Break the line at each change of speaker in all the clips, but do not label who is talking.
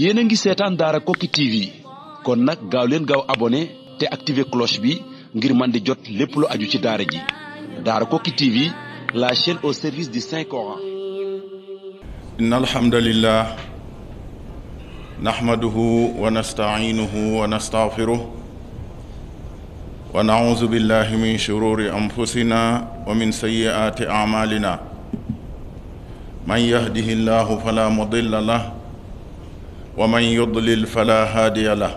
yéen a ngi seetaan daara Koki TV kon nag gaaw leen gaaw abonné te activé cloche bi ngir man di jot lépp lu aju ci daara ji daara Koki TV la chaîne au service di Saint Coran. inna alhamdulillah nahmaduhu wa nasta'inuhu wa nastaghfiruh wa na'udhu billahi min shururi anfusina من يهده الله فلا مضل له ومن يضلل فلا هادي له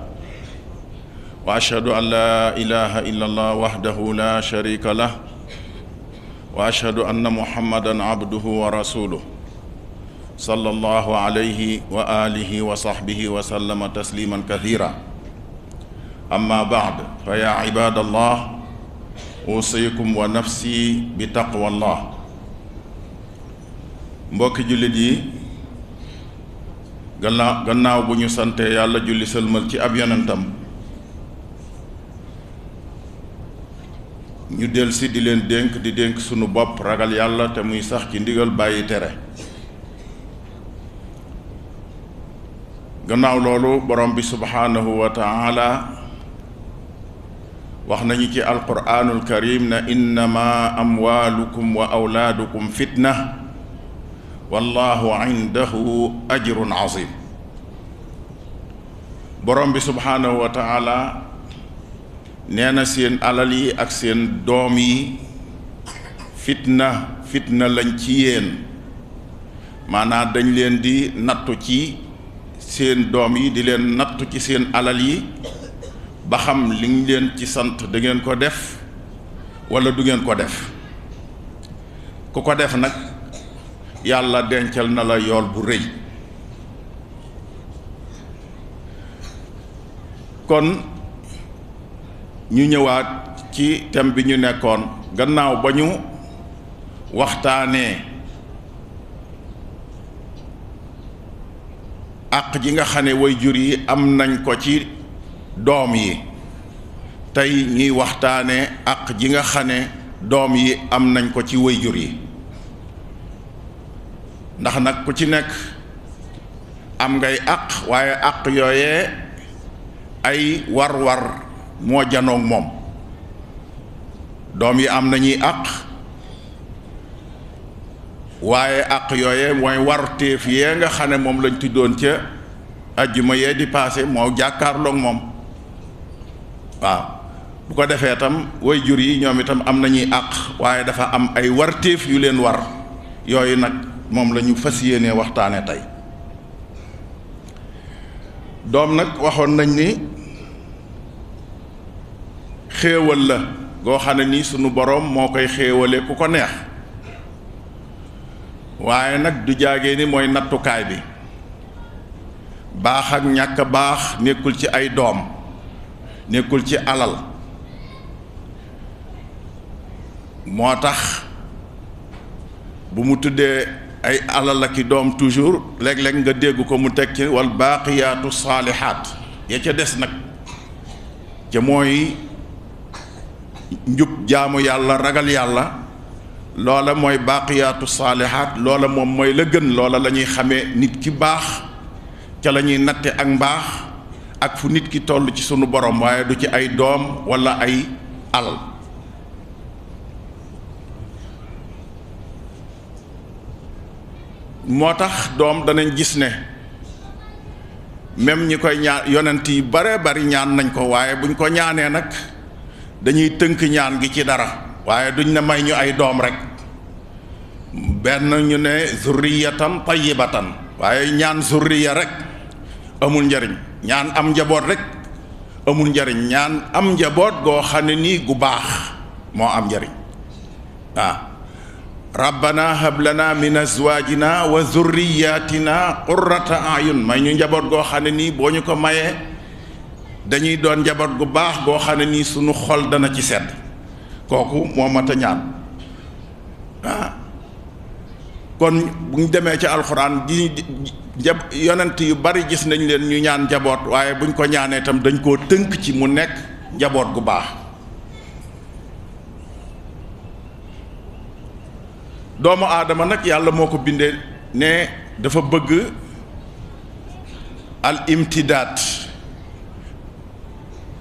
واشهد ان لا اله الا الله وحده لا شريك له واشهد ان محمدا عبده ورسوله صلى الله عليه واله وصحبه وسلم تسليما كثيرا اما بعد فيا عباد الله اوصيكم ونفسي بتقوى الله mbokki jullit yi gannaaw gannaaw bu ñu santee yàlla julli sëlmal ci ab yonentam ñu del si di leen dénk di dénk sunu bopp ragal yàlla te muy sax ci ndigal bàyyi tere gannaaw loolu borom bi subhaanahu wa taala wax nañu ci alquraanul karim na innama amwaalukum wa awlaadukum fitna wallahu indahu ajrun azim borom bi subhaanahu wa taala nee na seen alal yi ak seen doom yi fitna fitna lañ ci yéen maanaam dañ leen di nattu ci seen doom yi di leen nattu ci seen alal yi ba xam liñ leen ci sant da ngeen ko def wala du ngeen ko def ku ko def nag yàlla dencal na la yool bu rëy kon ñu ñëwaat ci tem bi ñu nekkoon gannaaw ba ñu waxtaanee àq ji nga xam ne waajur yi am nañ ko ci doom yi tey ñuy waxtaane àq ji nga xam ne doom yi am nañ ko ci jur yi ndax nag ku ci nekk am ngay àq waaye àq yooyee ay war-war moo janoog moom doom yi am nañuy àq waaye àq yooye mooy warteef yee nga xam ne moom lañ tuddoon ca ajjuma yee di paase moo jàkkaarloog moom waaw bu ko defee itam way jur yi ñoom itam am nañuy àq waaye dafa am ay warteef yu leen war yooyu nag moom lañu fas yéenee waxtaane tey doom nag waxoon nañ ni xéewal la goo xam ne nii sunu boroom moo koy xéewale ku ko neex waaye nag du jaagee ni mooy nattukaay bi baax ak ñàkk baax nekkul ci ay doom nekkul ci alal moo tax bu mu tuddee ay alal ak i doom toujours léeg-léeg nga dégg ko mu teg ci wal baaqiyaatu saalihaat ya ca des nag ca mooy njub jaamu yàlla ragal yàlla loola mooy baaqiyaatu saalihaat loola moom mooy la gën loola la ñuy xamee nit ki baax ca la ñuy natte ak mbaax ak fu nit ki toll ci sunu borom waaye du ci ay doom wala ay alal moo tax doom danañ gis ne même ñi koy ñaan yonent yi bare bari ñaan nañ ko waaye buñ ko ñaanee nag dañuy tënk ñaan gi ci dara waaye duñ ne may ñu ay doom rek benn ñu ne zurriyatan tayyibatan waaye ñaan zurriya rek amul njariñ ñaan am njaboot rek amul njariñ ñaan am njaboot goo xam ne nii gu baax moo am njariñ waaw rabbana hablana min azwajina wa zurriyatina qurrata ayun may ñu njaboot goo xam ne nii boo ñu ko mayee dañuy doon njaboot gu baax boo xam ne nii suñu xol dana ci sedd kooku moo mat ñaan ah kon bu ñu demee ci alxuraan di ja yonent yu bari gis nañ leen ñu ñaan njaboot waaye buñ ko ñaanee itam dañ koo tënk ci mu nekk njaboot gu baax doomu aadama nag yàlla moo ko bindee ne dafa bëgg al imtidaat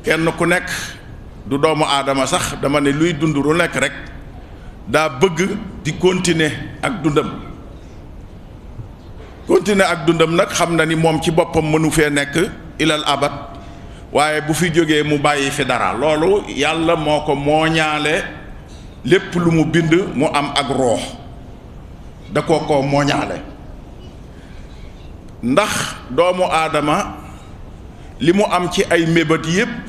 kenn ku nekk du doomu aadama sax dama ne luy dund lu nekk rek daa bëgg di continuer ak dundam continuer ak dundam nag xam na ni moom ci boppam mënu fee nekk ilal abad waaye bu fi jógee mu bàyyi fi dara loolu yàlla moo ko mooñaale lépp lu mu bind mu am ak roox da koo koo mooñaale ndax doomu aadama li mu am ci ay mébét yépp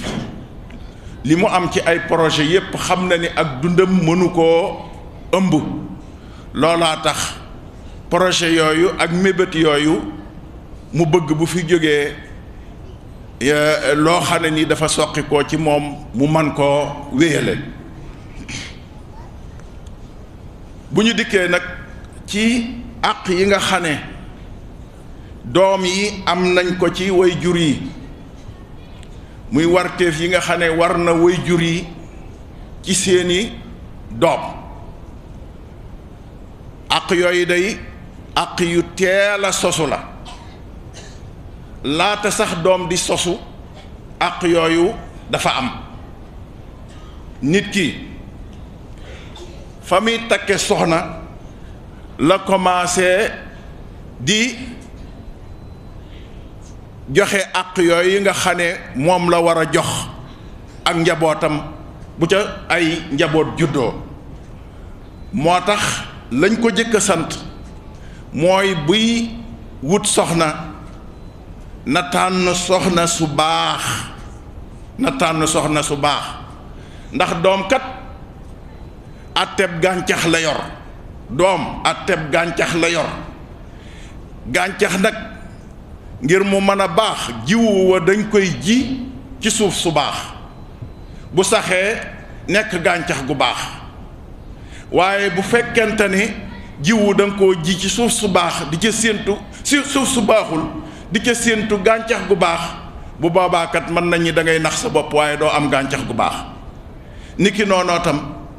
li mu am ci ay projet yépp xam na ni ak dundam mënu koo ëmb loolaa tax projet yooyu ak mébét yooyu mu bëgg bu fi jógee loo xam ne ni dafa soqi koo ci moom mu man koo wéyale bu ñu dikkee nag ci àq yi nga xam ne doom yi am nañ ko ci way jur yi muy warteef yi nga xam ne war na woy jur yi ci seeni doom àq yooyu day àq yu teel a sosu la laata sax doom di sosu àq yooyu dafa am nit ki fa muy takke soxna la commencé di joxe àq yooyu nga xam moom la war a jox ak njabootam bu ca ay njaboot juddoo moo tax lañ ko jëkka sant mooy buy wut soxna na soxna su baax na tànn soxna su baax ndax doom kat àtteeb gàncax la yor doom teb gàncax la yor gàncax nag ngir mu mën a baax jiwu wa dañ koy ji ci suuf su baax bu saxee nekk gàncax gu baax waaye bu fekkente ne jiwu da nga koo ji ci suuf su baax di ca séentu si suuf su baaxul di ca séentu gàncax gu baax bu boobaakat mën nañu da ngay nax sa bopp waaye doo am gàncax gu baax niki noonoo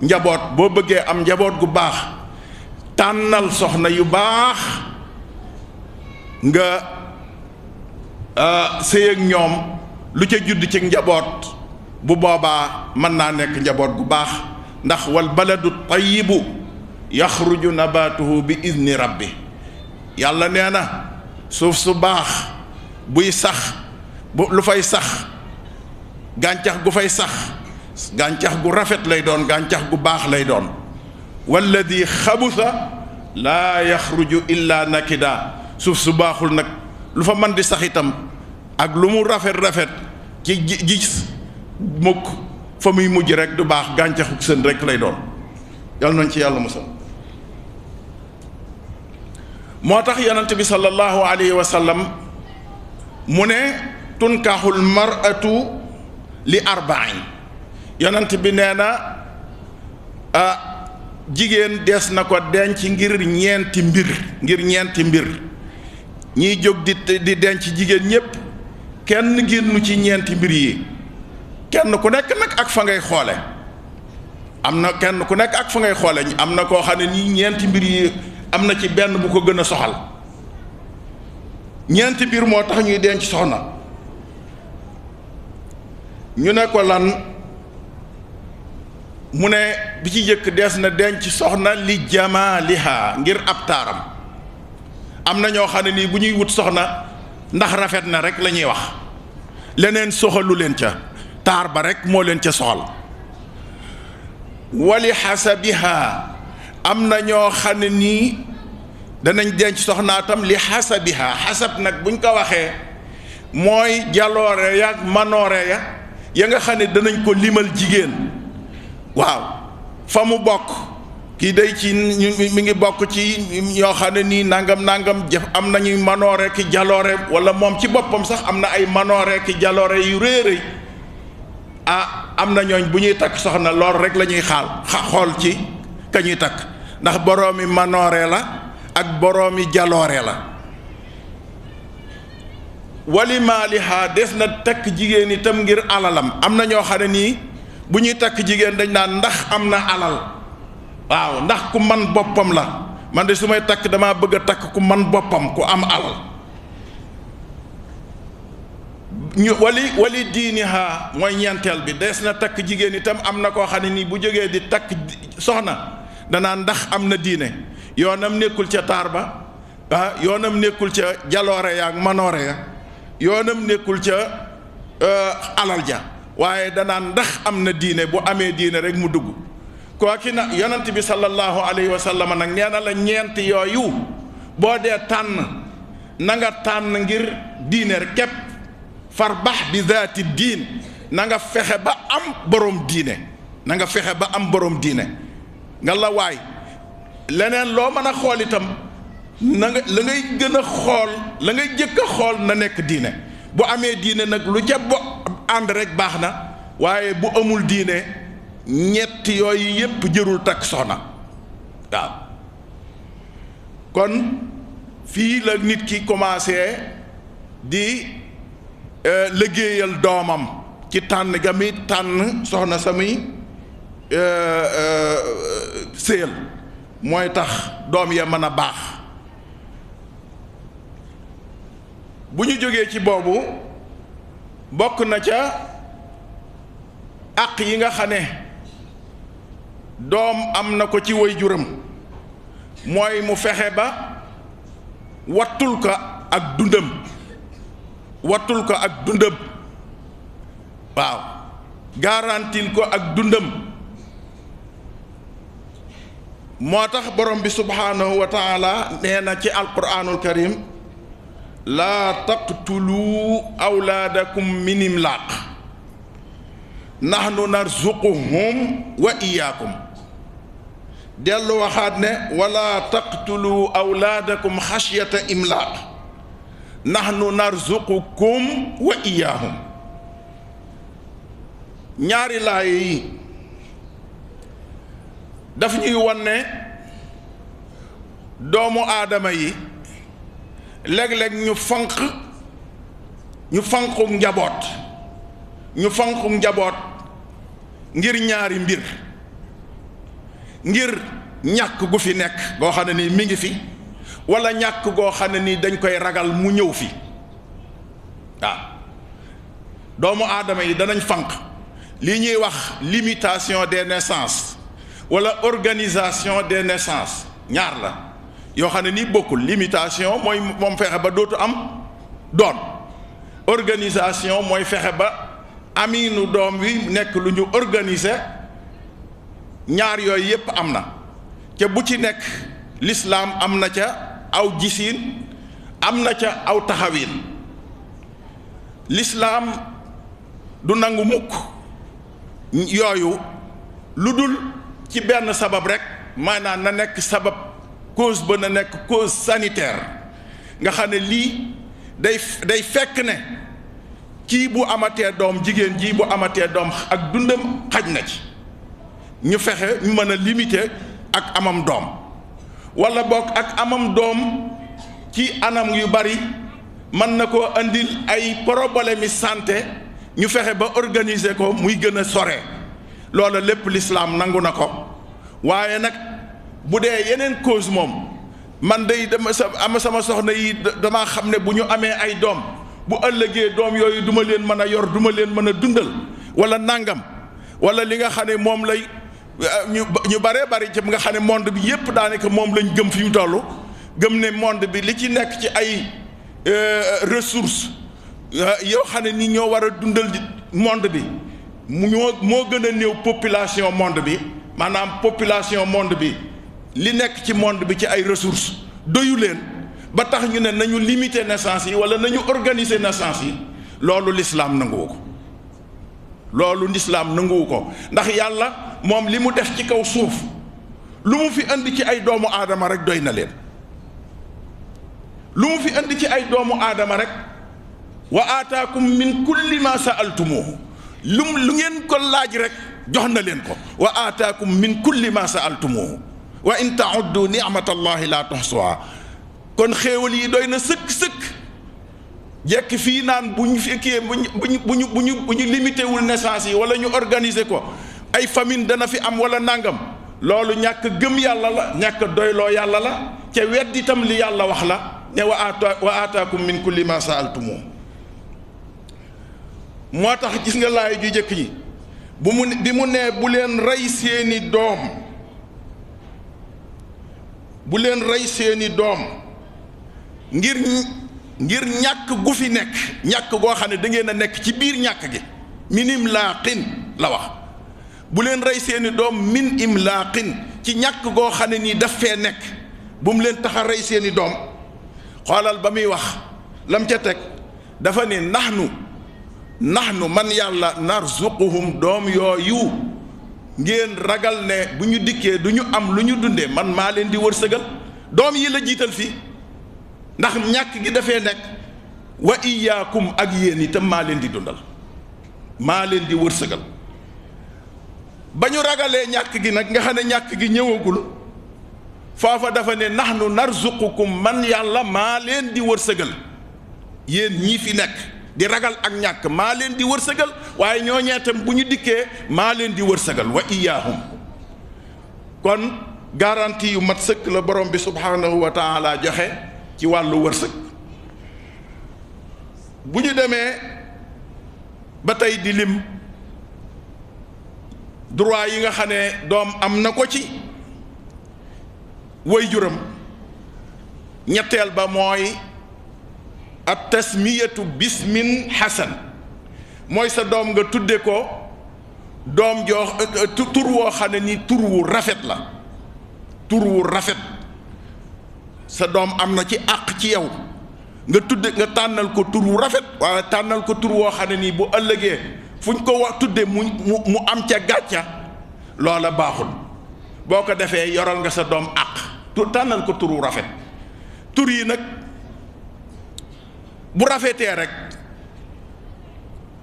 njaboot boo bëggee am njaboot gu baax tànnal soxna yu baax nga ah, sëy ak ñoom lu ca judd ci njaboot bu boobaa mën naa nekk njaboot gu baax ndax wal baladu tayibu yaxruju nabaatu bi ni rab bi yàlla nee na suuf su baax buy sax lu fay sax gàncax gu fay sax gàncax gu rafet lay doon gàncax gu baax lay doon walladi xabusa laa yaxruju illa nakida suuf su baaxul nag lu fa man di sax itam ak lu mu rafet rafet ci gis mukk fa muy mujj rek du baax gàncaxuk seen rek lay doon yal nañ ci yàlla musal moo tax yonent bi sallallahu alayhi wa mu ne tunkaaxul mar'atu li arba'in yonent bi nee na ah, jigéen des na ko denc ngir ñeenti mbir ngir ñeenti mbir ñiy jóg di di denc jigéen ñépp kenn génnu ci ñeenti mbir yi kenn ku nekk nag ak fa ngay xoole am na kenn ku nekk ak fa ngay xoole am na koo xam ne nii ñeenti mbir yi am na ci benn bu ko gën a soxal ñeenti mbir moo tax ñuy denc soxna ñu ne ko lan mu ne bi ci jëkk dees na denc soxna li jamaaliha ngir ab taaram am na ñoo xam ne nii bu ñuy wut soxna ndax rafet na rek la ñuy wax leneen soxalu leen ca taar ba rek moo leen ca soxal wali xasabiha am na ñoo xam ne nii danañ denc soxnaa tam li xasabiha xasab nag buñ ko waxee mooy jaloore ya manoore ya ya nga xam ne danañ ko limal jigéen waaw fa mu bokk kii day ci mi ngi bokk ci ñoo xam ne nii nangam nangam jëf am nañuy manoore ki jaloore wala moom ci boppam sax am na ay manoore ki jaloore yu réeréy ah am na ñooñ bu ñuy takk soxna lool rek la ñuy xaal xool ci ka ñuy takk ndax boroomi manoore la ak boroomi jaloore la walimaalihaa des na takk jigéen yi tam ngir alalam am na ñoo xam ne nii bu ñuy takk jigéen dañ naan ndax am na alal waaw ndax ku man boppam la man de su may takk damaa bëgg a takk ku man boppam ku am alal ñu wali wali diiniha mooy ñeenteel bi des na takk jigéen itam am na koo xam ne nii bu jógee di takk soxna danaa ndax am na diine yoonam nekkul ca taar ba ah yoonam nekkul ca jaloore ya ak manoore ya yoonam nekkul ca euh, alal ja waaye danaan ndax am na diine bu amee diine rek mu dugg kooki nag yonent bi sallallahu alayhi wa sallam nag nee na la ñeent yooyu boo dee tànn nanga tànn ngir diine rek képp far bax bi zaati fexe ba am borom diine na nga fexe ba am boroom diine nga la waay leneen loo mën a xool itam na nga la ngay gën xool la ngay jëkk xool na nekk diine bu amee diine nag lu ca bo ànd rek baax na waaye bu amul diine ñett yooyu yépp jërul takk soxna waaw kon fii la nit ki commencé di euh, liggéeyal doomam ci tànn ga muy tànn soxna samuy euh, euh, séyal mooy tax doom ya mën a baax bu ñu jógee ci boobu bokk na ca àq yi nga xam doom am na ko ci woy juram mooy mu fexe ba wattul ko ak dundam wattul ko ak dundam waaw garantil ko ak dundam moo tax borom bi subhaanahu wa nee na ci alquraanul karim laa taqtulu awlaadakum min imlaaq nahnu narzuquhum wa iyaakum dellu waxaat ne wala taqtulu awlaadakum xashyata imlaaq nu narzuqukum wa iyaahum ñaari laay yi daf ñuy wone doomu aadama yi léeg-léeg ñu fanq ñu fanqum njaboot ñu fanqum njaboot ngir ñaari mbir ngir ñàkk gu fi nekk goo xam ne ni mi ngi fi wala ñàkk goo xam ne ni dañ koy ragal mu ñëw fi waaw doomu aadama yi danañ fanq li ñuy wax limitation des nessance wala organisation des naissances ñaar la yoo xam ne nii bokkul limitation mooy moom fexe ba dootu am doom organisation mooy fexe ba amiinu doom wi nekk lu ñu organise ñaar yooyu yépp am na ca bu ci nekk lislaam am na ca aw gisiin am na ca aw taxawiin lislaam du nangu mukk yooyu lu dul ci benn sabab rek maanaam na nekk sabab cause ba na nekk cause sanitaire nga xam ne lii day day fekk ne kii bu amatee doom jigéen ji bu amatee doom ak dundam xaj na ci ñu fexe ñu mën a limiter ak amam doom wala bokk ak amam doom ci anam yu bari mën na koo andil ay problème yi santé ñu fexe ba organiser ko muy gën a sore loola lépp lislaam nangu na ko waaye nag bu dee yeneen cause moom man day dama sa ama sama soxna yi damaa xam ne bu ñu amee ay doom bu ëllëgee doom yooyu duma leen mën a yor duma leen mën a dundal wala nangam wala li nga xam ne moom lay eh, ñu ñu baree bari ci nga xam ne monde bi yépp daanaka moom lañ gëm fi mu toll gëm ne monde bi li ci nekk ci ay eh, ressources eh, yoo xam ne ni ñoo war a dundal monde bi mu ñoo moo gën a néew population monde bi maanaam population monde bi li nekk ci monde bi ci ay ressources doyu leen ba tax ñu ne nañu limiter naissance yi wala nañu organiser naissance yi loolu lislaam nanguwu ko loolu lislaam nanguwu ko ndax yàlla moom li mu def ci kaw suuf lu mu fi indi ci ay doomu aadama rek doy na leen lu mu fi indi ci ay doomu aadama rek wa aataakum min kulli ma saaltumuhu lu lu ngeen ko laaj rek jox na leen ko wa aataakum min kulli ma saaltumuhu wa in tauddu nicmatallahi la tuhsuha kon xéewal yi doy na sëkk-sëkk jekk fii naan bu ñu fekkee bu ñu bu ñu bu ñu bu ñu limité wul naissance yi wala ñu organise ko ay famine dana fi am wala nangam loolu ñàkk gëm yàlla la ñàkk doyloo yàlla la ca wedd itam li yàlla wax la ne wa ata min kulli ma saaltumu moo tax gis nga laay ju jëkk yi bu mu bi mu nee bu leen rey seeni doom bu leen rey seeni doom ngir ngir ñàkk gu fi nekk ñàkk goo xam ne dangeen a nekk ci biir ñàkk gi min imlaaqin la wax bu leen rey seeni doom min imlaaqin ci ñàkk goo xam ne nii daf fee nekk bu mu leen tax a rey seeni doom xoolal ba muy wax lam ca teg dafa ne nax nu nax nu man yàlla narzuquhum doom yooyu ngeen ragal ne bu ñu dikkee du ñu am lu ñu dundee man maa leen di wërsëgal doom yi la jiital fi ndax ñàkk gi dafee nekk wa iyaakum ak yéen itam maa leen di dundal maa leen di wërsëgal ba ñu ragalee ñàkk gi nag nga xam ne ñàkk gi ñëwagul foofa dafa ne nax nu narzuqukum man yàlla maa leen di wërsëgal yéen ñii fi nekk di ragal ak ñàkk maa leen di wërsëgal waaye ñooñee itam bu ñu dikkee maa leen di wërsëgal wa iyaahum kon garanti yu mat sëkk la borom bi subhaanahu wa taala joxe ci wàllu wërsëg bu ñu demee ba tey di lim droit yi nga xam ne doom am na ko ci way juram ñetteel ba mooy at tasmiyatu bismin hasan mooy sa doom nga tudde ko doom joo euh, tur woo xam ne ni tur wu rafet la tur wu rafet sa doom am na ci àq ci yow nga tudde nga tànnal ko tur wu rafet waaye tànnal ko tur woo xam ne nii bu ëllëgee fu ñu ko wax tudde mu mu am ca gàcca loola baaxul boo ko defee yoral nga sa doom àq tànnal ko tur wu rafet tur yi nag bu rafetee rek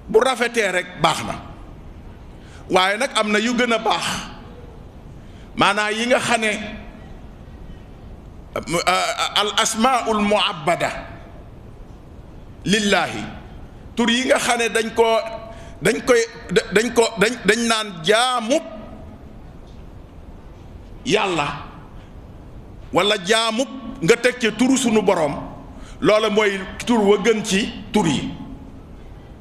bu rafetee rek baax na waaye nag am na yu gën a baax maanaa yi nga xam ne uh, al asmaul muabbada lillaahi tur yi nga xam ne dañ koo dañ koy dañ ko dañ dañ naan jaamub yàlla wala jaamub nga teg ci tur sunu boroom loola mooy tur wa gën ci tur yi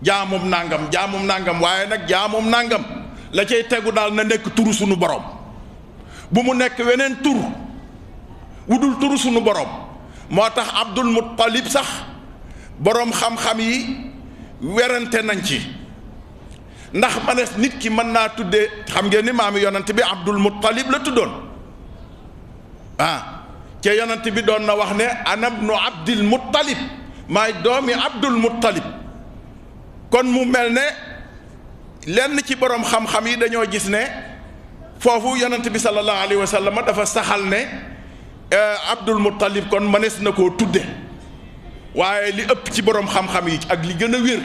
jaamum nangam jaamum nangam waaye nag jaamum nangam la cay tegu daal na nekk tur sunu borom bu mu nekk weneen tur wudul tur suñu boroom moo tax Abdul Muttalib sax boroom xam-xam yi werante nañ ci ndax manees nit ki mën naa tudde xam ngeen ni maami yonent bi Abdul Muttalib la tuddoon ah. ce yonent bi doon na wax ne ana ibnu abdil muttalib maay doomi abdul muttalib kon mu mel ne lenn ci boroom xam-xam yi dañoo gis ne foofu yonent bi sallallahu alayhi wa sallam dafa saxal ne eh, abdul muttalib kon mënees na koo tudde waaye li ëpp ci boroom xam-xam yi ak li gën a wér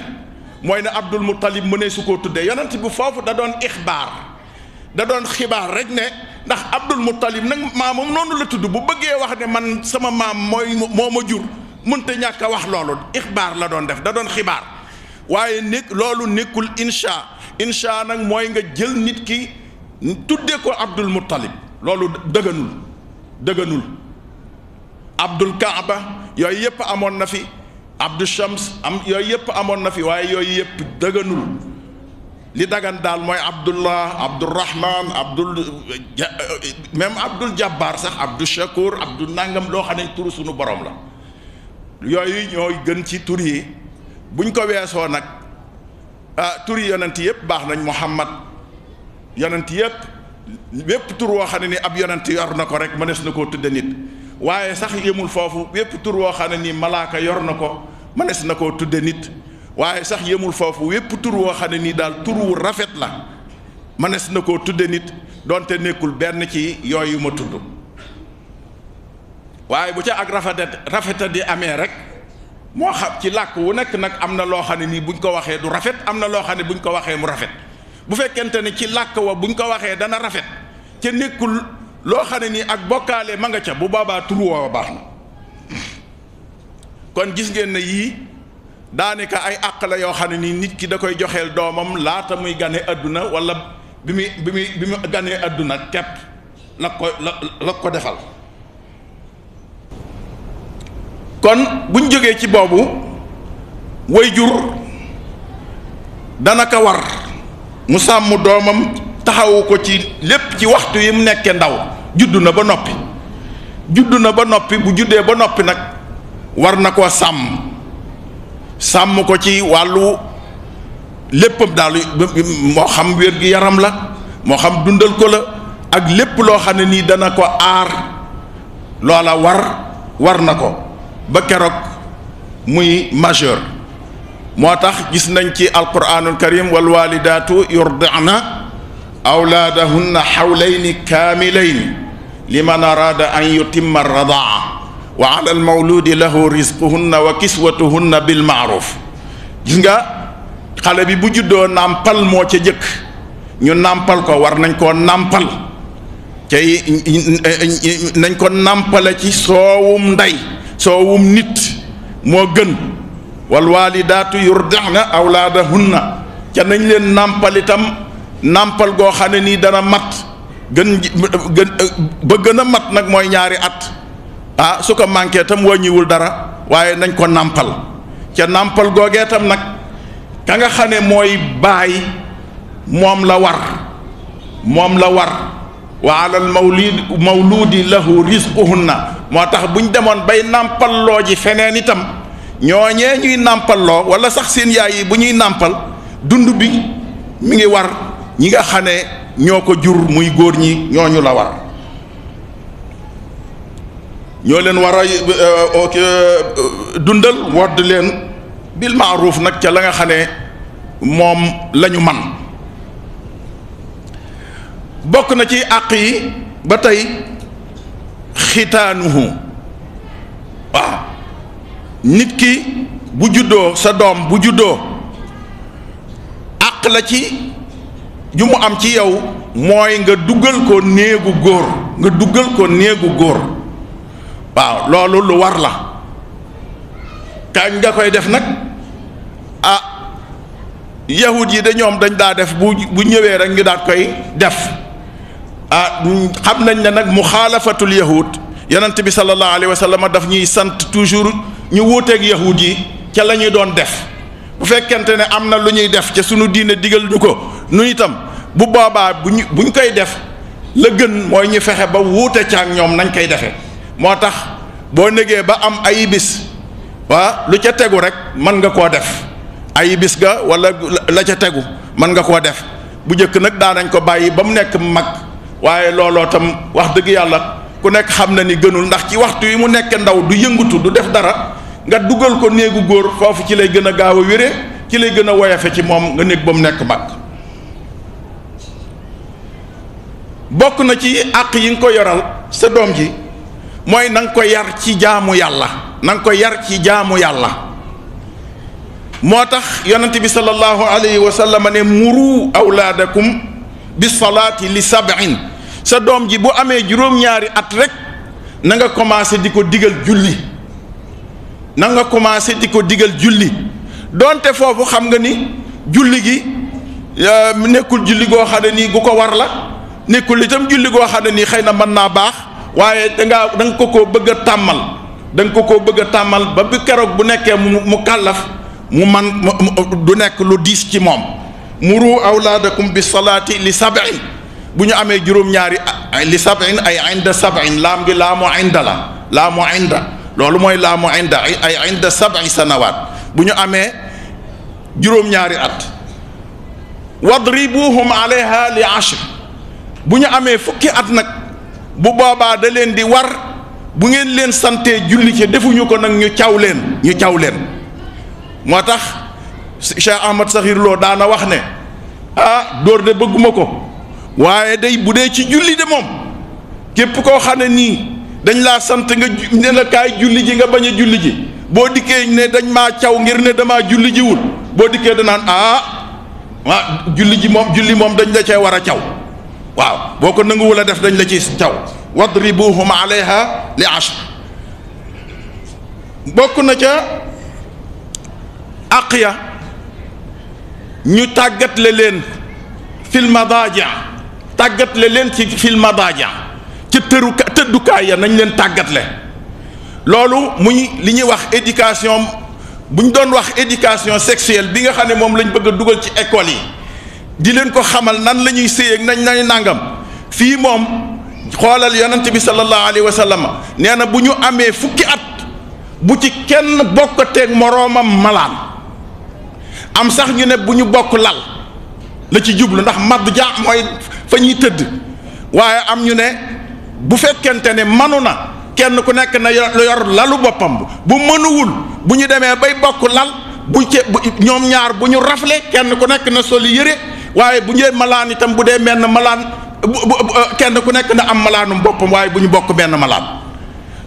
mooy ne abdul muttalib mëneesu koo tudde yonent bi foofu da doon ixbaar da doon xibaar rek ne ndax Abdul Muttalib nag maamam noonu la tudd bu bëggee wax ne man sama maam mooy moo ma jur mënta ñàkk a wax loolu ixbaar la doon def da doon xibaar waaye nekk loolu nekkul insha insha nag mooy nga jël nit ki tuddee ko Abdul Muttalib loolu dëgganul dëgganul Abdul Kaaba yooyu yëpp amoon na fi Abdul Shams am yooyu yëpp amoon na fi waaye yooyu yëpp dëgganul li dagan daal mooy abdullah abdurahman abdul même abdul jabbar sax abdul shakur abdul nangam loo xam ne turu suñu boroom la yooyu ñooy gën ci tur yi buñ ko weesoo nag ah tur yi yonent yëpp baax nañ muhammad yonent yëpp wépp tur woo xam ne ni ab yonent yor na ko rek mënees na koo tudde nit waaye sax yëmul foofu wépp tur woo xam ne nii malaaka yor na ko mënees na koo tudde nit waaye sax yemul foofu yépp tur woo xam ne nii daal tur wu rafet la mënees na koo tudde nit donte nekkul benn ci yooyu ma tudd waaye bu ca ak rafeta rafeta di amee rek moo xam ci làkk wu nekk nag am na loo xam ne nii buñ ko waxee du rafet am na loo xam ne buñ ko waxee mu rafet bu fekkente ne ci làkk wa buñ ko waxee dana rafet ca nekkul loo xam ne nii ak bokkaale ma nga ca bu boobaa tur woo baax na kon gis ngeen ne yii daanaka ay àq la yoo xam ne nii nit ki da koy joxeel doomam laata muy gane àdduna wala bi muy bi mu ganee àdduna kepp la ko la ko defal kon buñ jógee ci boobu wayjur dana ko war mu sàmm doomam taxawu ko ci lépp ci waxtu yi mu nekkee ndaw juddu na ba noppi juddu na ba noppi bu juddee ba noppi nag war na koo sàmm sàmm ko ci wàllu léppam daal moo xam wér gi yaram la moo xam dundal ko la ak lépp loo xam ne nii dana ko aar loola war war na ko ba keroog muy majeur moo tax gis nañ ci alquranul karim wal walidaatu yurdi'na awlaadahunna xawlayni kaamilayni liman araada an yutimma radaa wa ala almawludi lahu risquhunna wa kiswatuhunna bil maaruf gis nga xale bi bu juddoo nàmpal moo ca jëkk ñu nàmpal ko war nañ koo nàmpal cay nañ ko nàmpale ci soowum ndey soowum nit moo gën wal waalidaatu yurdi'na awlaadahunna ca nañ leen nàmpal itam nàmpal goo xam ne nii dana mat gën gën ba gën a mat nag mooy ñaari at ah su ko manqué tam wàññiwul dara waaye nañ ko nàmpal ca nàmpal googee tam nag ka nga xam ne mooy baay moom la war moom la war wa alal mawlid mawludi lahu na moo tax bu ñu demoon bay nàmpalloo ji feneen itam ñooñee ñuy nàmpalloo wala sax seen yaay yi bu ñuy nàmpal dund bi mi ngi war ñi nga xam ne ñoo ko jur muy góor ñi ñooñu la war ñoo leen wara a euh, euh, dundal wodd leen bil maaruuf nag ca la nga xam ne moom lañu man bokk na ci àq yi ba tey xitaanuhu waaw nit ki bu juddoo sa doom bu juddoo àq la ci ju mu am ci yow mooy nga duggal ko néegu góor nga duggal ko néegu góor waaw loolu lu war la kañ nga koy def nag ah yahud yi de ñoom dañ daa def bu bu ñëwee rek ñu daat koy def ah xam nañ ne nag mu muxaalafatul yahud yonent bi sallallahu alayhi wa sallam daf ñuy sant toujours ñu wuuteeg yahud yi ca lañuy doon def bu fekkente ne am na lu ñuy def ca sunu diine digal ñu ko nu itam bu boobaa bu ñu bu ñu koy def la gën mooy ñu fexe ba wuute ca ak ñoom nañ koy defee. moo tax boo négee ba am ay bis waa lu ca tegu rekk mën nga koo def ay bis ga wala la ca tegu mën nga koo def bu njëkk nag daanañ ko bàyyi ba mu nekk mag waaye looloo tam wax dëgg yàlla ku nekk xam na ni gënul ndax ci waxtu wi mu nekk ndaw du yëngatu du def dara nga dugal ko néegu góor foofu ci lay gën a gaaw a wére ci lay gën a woyafe ci moom nga néeg ba mu nekk mag bokk na ci àq yi nga ko yoral sa doom ji mooy nanga ko yar ci jaamu yàlla nanga ko yar ci jaamu yàlla moo tax yonent bi sallallahu alayhi wa sallam ne muru awlaadakum bi salaati li sab'in sa doom ji bu amee juróom-ñaari at rek nanga nga commencé di ko digal julli na nga commencé di ko digal julli doonte foofu xam nga ni julli gi euh, nekkul julli goo xam ne nii gu ko war la nekkul itam julli goo xam ne nii xëy na mën naa baax waaye danga da ko ko koo bëgg a tàmmal da ko ko koo bëgg a tàmmal ba bi keroog bu nekkee mu mu kàllaf mu man du nekk lu diis ci moom muru awlaadakum bi salaati li sab'i bu ñu amee juróom-ñaari li sab'in ay inda sab'in laam gi laamu inda loolu mooy laamu inda ay inda sab'i bu ñu amee juróom at wadribuhum li ashr bu ñu amee fukki at nag bu boobaa da leen di war bu ngeen leen santee julli ci defuñu ko nag ñu caw leen ñu caw leen moo tax Cheikh Ahmad Sakhir Lo daana wax ne ah dóor de bëgguma ko waaye day bu dee ci julli de moom képp koo xam ne nii dañ laa sant nga ne julli ji nga bañ julli ji boo dikkee ne dañ maa caw ngir ne damaa julli boo dikkee danaan ah ah julli ji moom julli moom dañ la cee war a caw waaw boo ko nanguwul a def dañ la ci taw wadribuhum alayha li ashr bokk na ca àq ya ñu tàggatle leen fil tàggatle leen ci fil madaaja ca tëru tëddukaay ya nañ leen tàggatle le loolu muy li ñuy wax éducation bu ñu doon wax éducation sexuelle bi nga xam ne moom lañ bëgg a dugal ci école yi di leen ko xamal nan lañuy ñuy séyeeg nañ nañ nangam fii moom xoolal yonent bi sallallahu alayhi wa sallam nee na bu ñu amee fukki at bu ci kenn bokkateeg moroomam malaan am sax ñu ne bu ñu bokk lal la ci jublu ndax madd jaa mooy fa ñuy tëdd waaye am ñu ne bu fekkente ne manu na kenn ku nekk na yor lalu boppam bu mënuwul bu ñu demee bay bokk lal bu ci ñoom ñaar bu ñu rafle kenn ku nekk na soli yére waaye bu ñëwee malaan itam bu dee menn malaan eh, kenn ku nekk na am malaanum boppam waaye bu ñu bokk benn malaan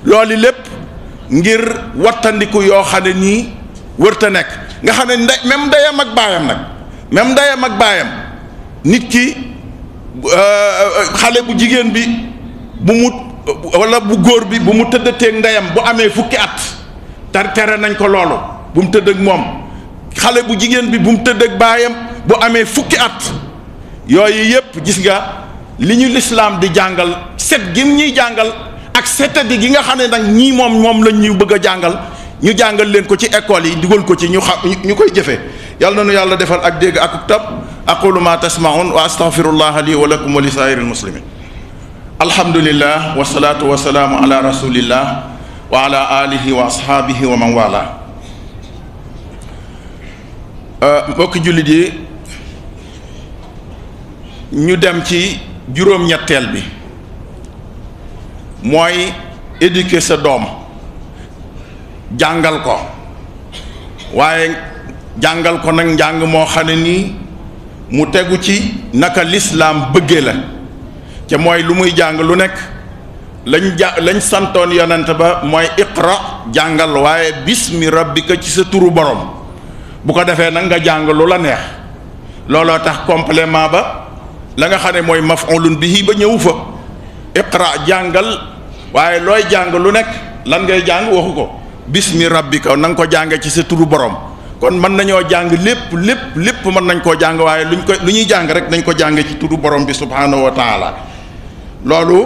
loolu lépp ngir wattandiku yoo xam ne nii wërta nekk nga xam ne ndey même ndeyam ak baayam nag même ndeyam ak baayam nit ki eh, xale bu jigéen bi bu mu wala bu góor bi bu mu tëddateeg ndeyam bu amee fukki at tar tere nañ ko loolu bu mu tëdd moom xale bu jigéen bi bu mu tëdd baayam bu amee fukki at yooyu yépp gis nga li ñu lislaam di jàngal set gi ñuy jàngal ak setadi gi nga xam ne nag ñii moom moom lañ ñu bëgg a jàngal ñu jàngal leen ko ci école yi dugal ko ci ñu xam ñu koy jëfee yàlla na nu yàlla defar ak dégg ak tab aqulu ma tasmaun wa astaghfirullah li wa lakum wa li saa'iril muslimin alhamdulillah wasalaatu wasalaamu ala rasulillah wa ala alihi wa ashaabihi wa man wala mbokki jullit yi ñu dem ci juróom-ñetteel bi mooy éduquer sa doom jàngal ko waaye jàngal ko nag njàng moo xam ne nii mu tegu ci naka lislaam bëgge la ca mooy lu muy jàng lu nekk lañ ja lañ santoon yonent ba mooy iqra jàngal waaye bismi rabbika ci sa turu borom bu ko defee nag nga jàng lu la neex looloo tax complément ba la nga xam ne mooy maf'ulun bihi ba ñëw fa iqra jàngal waaye looy jàng lu nekk lan ngay jàng waxu ko bismi rabbika na nga ko jànge ci sa turu borom kon mën nañoo jàng lépp lépp lépp mën nañ koo jàng waaye luñ ko lu ñuy jàng rek nañ ko jàng ci turu borom bi subhanahu wa taala loolu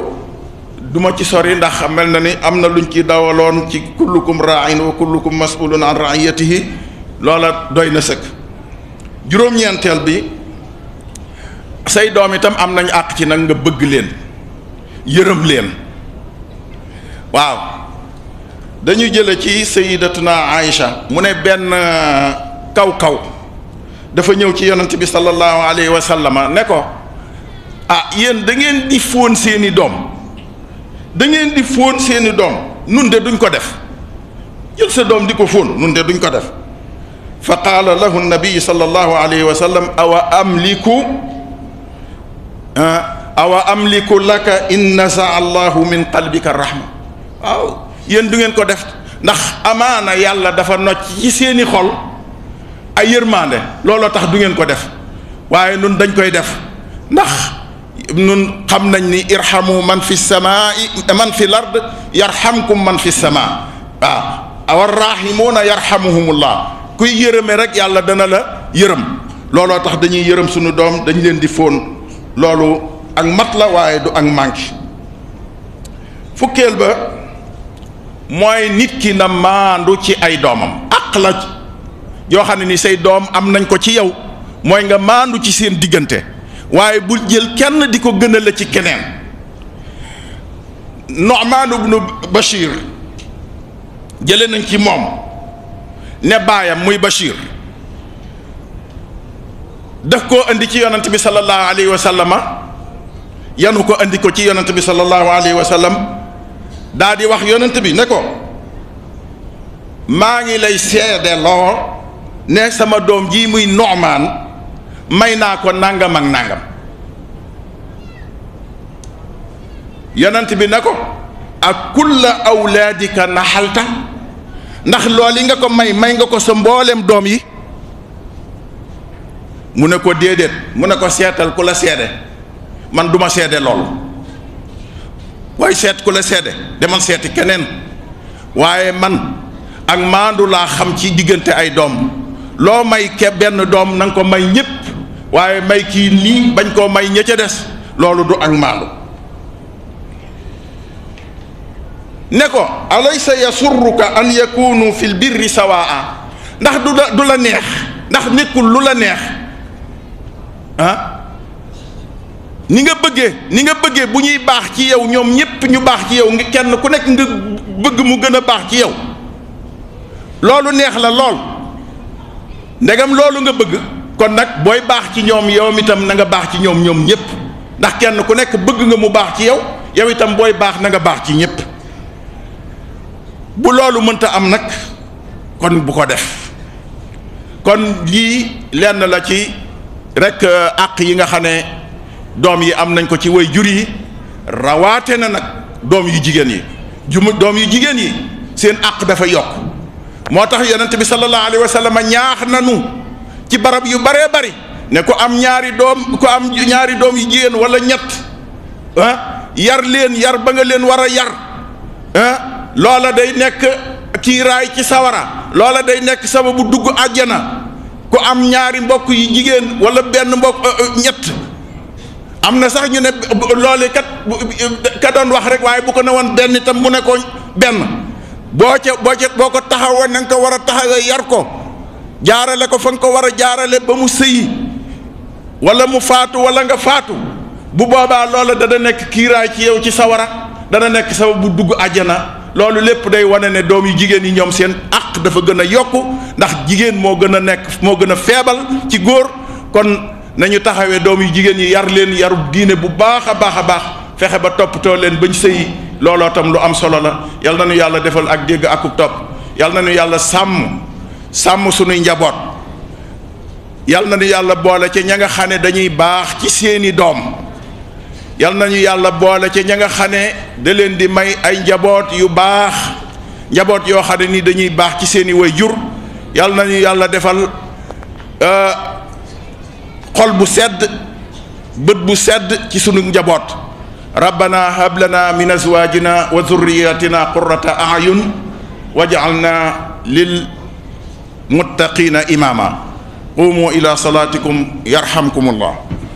duma ci sori ndax mel na ni am na lu luñ ci dawaloon ci kullukum ra'in wa kullukum mas'ulun an ra'iyatihi loola doy na sëkk juróom-ñeenteel bi say doom itam am nañ àq ci nag nga bëgg leen yërëm leen waaw dañu jële ci sayidatuna Aïcha mu ne benn euh, kaw-kaw dafa ñëw ci yonent bi sallallahu alayhi wa sallama ne ko ah yéen da di fóon seeni doom da ngeen di fóon seeni doom nun de duñ ko def jël sa doom di ko fóon nun de duñ ko def fa qaala lahu nabi sallallahu alayhi wa sallam awa amliku Ah, awa amliku laka in nasaa allahu min qalbika rahma waaw yéen du ngeen ko def ndax amaana yàlla dafa nocc ci seeni xol ay yërmaande looloo tax du ngeen ko def waaye nun dañ koy def ndax nun xam nañ ni irhamu man fi samaa man fi lard yarhamkum man fi samaa waaw awar rahimuuna yarhamuhumullah kuy yërëme rek yàlla dana la yërëm looloo tax dañuy yërëm suñu doom dañ leen di fóon loolu ak mat la waaye du ak manque fukkeel ba mooy nit ki na maandu ci ay doomam àq la yoo xam ne ni say doom am nañ ko ci yow mooy nga maandu ci seen diggante waaye bul jël kenn di ko gënal la ci keneen Nu'man ibn Bashir jële nañ ci moom ne muy Bashir daf koo indi ci yonent bi sallallahu alayhi wa sallama yanu ko indi ko ci yonent bi sallallahu alayhi wa sallam daa di wax yonent bi ne ko maa ngi lay seedeloo ne sama doom ji muy Noomaan may naa ko nangam ak nangam yonent bi ne ko ak kulla awlaadika naxalta ndax lool yi nga ko may may nga ko sa mbooleem doom yi mu ne ko déedéet mu ne ko seetal ku la seede man duma seede loolu waaye seet ku la seede demal seeti keneen waaye man ak maandu laa xam ci diggante ay doom loo may ke benn doom na ko may ñëpp waaye may kii nii bañ koo may ña ca des loolu du ak maandu ne ko alaysa yasurruka an yakunu fil birri sawaa ndax du la du la neex ndax nekkul lu la neex Ah? ni nga bëggee ni nga bëggee bu ñuy baax ci yow ñoom ñépp ñu baax ci yow kenn ku nekk nga bëgg mu gën a baax ci yow loolu neex la lool ndegam loolu nga bëgg kon nag booy baax ci ñoom yow itam na nga baax ci ñoom ñoom ñépp ndax kenn ku nekk bëgg nga mu baax ci yow yow itam booy baax na nga baax ci ñépp bu loolu mënta am nag kon bu ko def kon lii lenn la ci rek euh, àq yi nga xam ne doom yi am nañ ko ci way jur yi rawaate na nag doom yu jigéen yi jumu doom yu jigéen yi seen àq dafa yokk moo tax yonent bi sallallahu alayhi wa sallam ñaax nanu ci barab yu baree bari ne ku am ñaari doom ku am ñaari doom yu jigéen wala ñett ah, yar leen yar ba nga leen war a yar ah loola day nekk kiiraay ci sawara loola day nekk sababu dugg àjjana ku am ñaari mbokk yu jigéen walla benn mbokk euh, euh, ñett am na sax ñu ne loolu kat ka doon wax rek waaye bu ko ne woon benn tam bu ne ko benn boo ca boo ca boo ko taxawee na nga ko war a taxawee yar ko jaarale ko fa nga ko war a jaarale ba mu sëyi wala mu faatu walla nga faatu bu boobaa loole dana nekk kiiraay ci yow ci sawara dana nekk sabab bu dugg àjjana loolu lépp day wane ne doom yu jigéen yi ñoom seen àq dafa gën a yokku ndax jigéen moo gën a nekk moo gën a feebal ci góor kon nañu taxawee doom yu jigéen yi yar leen yarub diine bu baax a baax a baax fexe ba toppatoo leen bañ sëyi looloo tam lu am solo la yal na nu yàlla defal ak dégg akub topp yal na nu yàlla sàmm sàmm sunuy njaboot yal na nu yàlla boole ca ña nga xam ne dañuy baax ci seeni doom yal nañu yàlla boole ci ña nga xam ne da leen di may ay njaboot yu baax njaboot yoo xam ne ni dañuy baax ci seeni way jur yal nañu yàlla defal euh, xol bu sedd bët bu sedd ci sunu njaboot rabbana hablana min azwajina wa zurriyatina qurrata ayun waj'alna lil muttaqina imama qumu ila salatikum yarhamkumullah